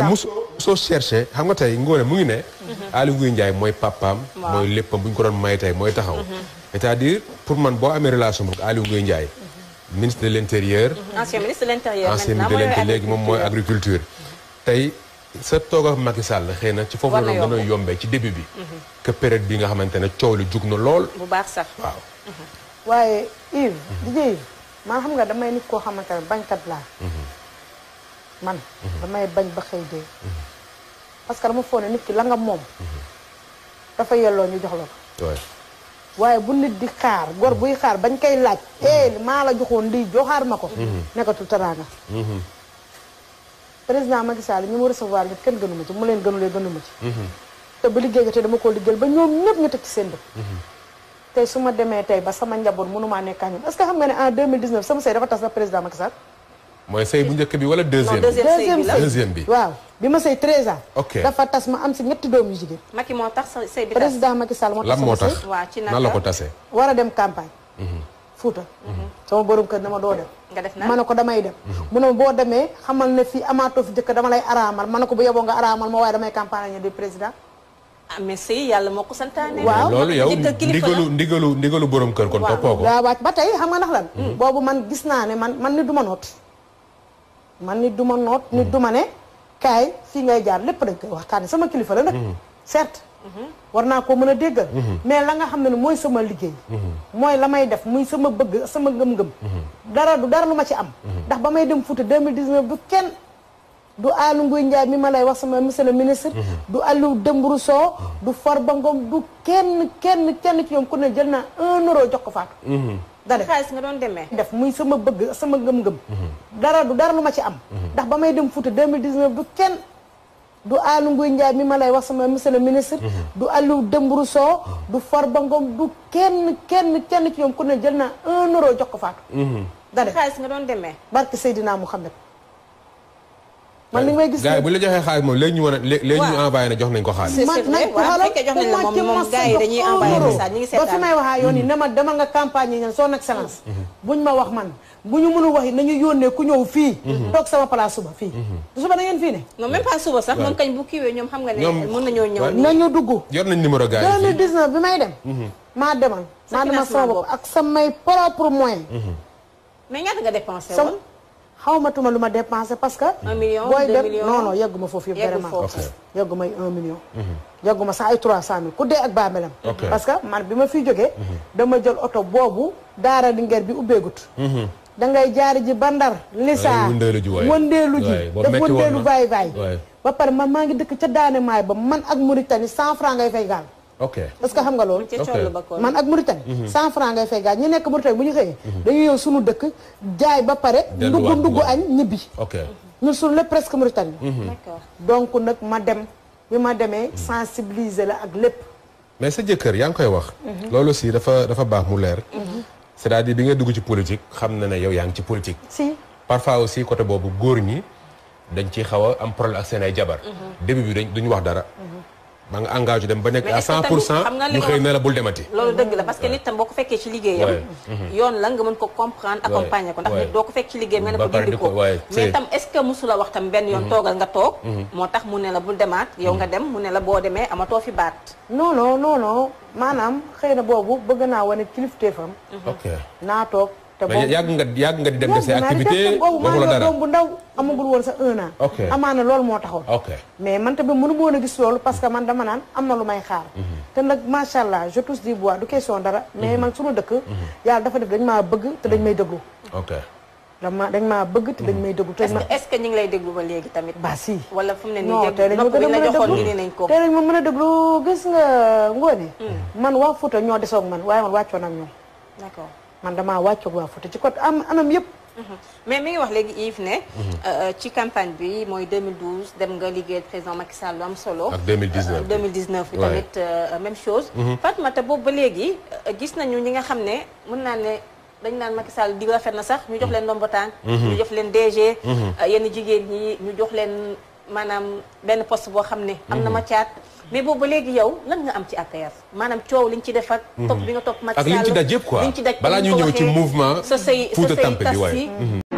et mos soo cherché xam nga tey ngoone mu ngi ne. Mhm. Aly Ngouille Ndiaye mooy papaam. mooy léppam bu ñu ko doon may tey mooy taxaw. Mhm. cest à pour man boo amee relation moom Aly njaay Ndiaye. ministre de l'intérieur. ancien ministre de l'intérieur ancien ministre de léegi moom mooy agriculture. tey sa toog ak Macky Sall xëy na ci foofu la doon gën yombee ci début bi. Mhm. que période bi nga xamante ne coow li jug na lool. bu baax sax waaw. waaye Yves. di Yves man xam nga damay nit koo man damay bañ ba xëy dee parce que dama foog ne nit ki la nga moom dafa yelloo ñu jox la ko waaye bu nit di xaar gor buy xaar bañ koy laaj mm-hmm. eh maa la joxoon lii joxaar ma ko mm-hmm. nekkatul teraanga mm-hmm. président Macky Sall ñu mu recevoir ñëpp kenn gënu ma ci mu leen gënulee gënu ma ci te ba liggéey ñoom ñëpp ñu teg ci seen dëkk tey su ma demee tey ba sama njaboot mënumaa nekkaa ñoom est xam nga ne en 2019 sama sëy dafa tas na président Macky mooy sëy bu njëkk bi wala deuxième bi deuxième bi waaw bi ma sëy 13 dafa tas ma am si ñetti doom yu jigéen. Macky moo tax sëy bi président Macky Sall moo tax lan moo tax la ko tasee. war a dem campagne. Mhm. Fuuta. Mhm. sama borom kër dama doo dem. nga def na ma ne ko damay dem. Mhm. mu ne boo demee xamal ne fii amaatoo fu jëkk dama lay araamal man ne ko bu yeboo nga araamal ma waaye damay campagne ñu di président. ah yàlla moo ko santaane. waaw loolu yow ndigalu ndigalu ndigalu borom kër kon toppoo ko. waaw waaw ba tey xam nga ndax lan. boobu man gis naa ne man man ni du ma noot man nit du ma noot nit mm. du ma ne kaay fii ngay jaar lépp dañ waxtaan waxtaane sama kilifa la nag mm-hmm. certes mm-hmm. war naa koo mën a déggal mm-hmm. mais la nga xam ne ne mooy sama liggéey mooy la may def muy sama bëgg sama ngëm dara du dara lu ma ci am ndax ba may dem Fouta 2019 du kenn du Aly Ngouille Ndiaye mi ma lay wax sama monsieur le du Aliou Dembourou Sow du Farba Ngom du kenn kenn kenn ci ñoom ku ne jël naa un jox ko faatu da nga doon demee def muy sama bëgg sama ngëm-ngëm dara du dara lu ma ci am. ndax ba may dem Fouta 2019 du kenn. du Aly Ngouille Ndiaye mi ma lay wax sama monsieur le ministre. du Aliou Dembourou Sow. du ba Ngom du kenn kenn kenn ci ñoom ku ne jël naa un euro jox ko Fatou. Mhm. dara xaalis nga doon demee. barke Seydina Mouhamed. man li may gis la joxee xaalis moom léegi ñu mën a na ko xaalis man nag xoolal ma ci masa ba fi may waxaa yoon ne ma dama nga mhm. Mhm. bu ñu fii mhm. sama place fii suba da ngeen fii ne non même pas suba sax xam nga ne mën nañoo ñëw nañu dugg yor nañ numéro gars yi 2019 bi may dem maa demal maa demal sama bopp ak samay propre moyen mais ñaata nga dépensé woon xawmatuma lu ma dépensé parce que. un million booy dem non non yegguma foofu yëpp yegguma ay un million. Mhm. yegguma sax ay trois cent mille ku dee ak baamelam parce que man bi ma fiy jógee. Mhm. dama jël oto boobu daara nger bi ubbeegut. Mhm. da ngay jaari ji ba Ndar. lisaa wëndeelu ji def wëndeelu vaay vaay ba pare man maa ngi dëkk ca daane maay ba man ak Mauritanie cent franc ngay fay gaal. ok parce que xam nga loolu man ak Mauritanie mhm. cent franc ngay fay gaaj ñu nekk Mauritanie bu ñu xëyee dañuy yow suñu dëkk jaay ba pare ndugg ndugg añ ñibbi ñun suñu lépp presque Mauritanie mhm. donc nag ma dem bi ma demee mhm. sensibiliser la ak lépp mais sa jëkkër yaa ngi koy wax loolu aussi dafa dafa baax mu leer cest à bi ngay dugg ci politique xam na ne yow yaa ngi ci politique si parfois aussi côté boobu góor ñi dañ ciy xaw am problème ak seen ay jabar début bi dañ duñ wax dara ba nga engagé dem ba nekk à 100 pour cent ñu xëy na la bul demati loolu dëgg la parce que nit tam boo ko fekkee ci liggéeyam mm-hmm. yoon la nga mën ko comprendre accompagner ko ndax nit doo ko fekk ci liggéeyam nga ne ko dindi ko mais tam mm-hmm. mm-hmm. moo tax mu ne bul demaat yow nga dem mu ne boo demee amatoo fi baat non non maanaam xëy na boobu bëgg naa wane kilifteefam naa toog te yàgg nga yàgg nga di dem de say activité waxula dara doom bu ndaw amagul woon sa un an loolu moo taxoon mais man tamit mënu woon a gis loolu parce que man dama naan am na lu may xaar mhm. te nag macha allah je touche du bois du question dara mais mhm. man sunu dëkk mhm. yàlla dafa def dañ maa bëgg te dañ may déglu ok dama dañ maa bëgg te dañ may déglu te est-ce que ñu ngi lay déglu ba léegi tamit ba si wala fu mu ne nii tey dañ ma gën a mën a déglu tey dañ ma mën gis nga ngoone mm. man waa Fouta ñoo desoog man waaye man wàccoon ak ñoom d'accord man damaa wàccoog waa Fouta ci côté am anam yëpp. Mhm. mais mi ngi wax léegi Yves ne. Euh, ci campagne bi mooy 2012 dem nga liggéeyal président Macky lu am solo. ak 2019 2019 bi tamit euh, mhm. boobu léegi euh, gis nañu ñi nga xam ne mën naa ne. dañ naan Macky di rafet na sax ñu jox mhm. leen ndombo tànk ñu jox leen DG yenn jigéen ñi ñu jox leen maanaam benn poste boo xam ne am na mhm. ma caat mais boobu léegi yow lan nga am ci APR maanaam coow liñ ci def ak topp bi nga topp Macky Sall ak liñ ci daj yëpp quoi balaa ñu ñëw ci mouvement Fouta Tampi bi waaye